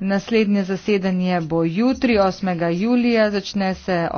Naslednje zasedanje bo jutri, 8. julija, začne se.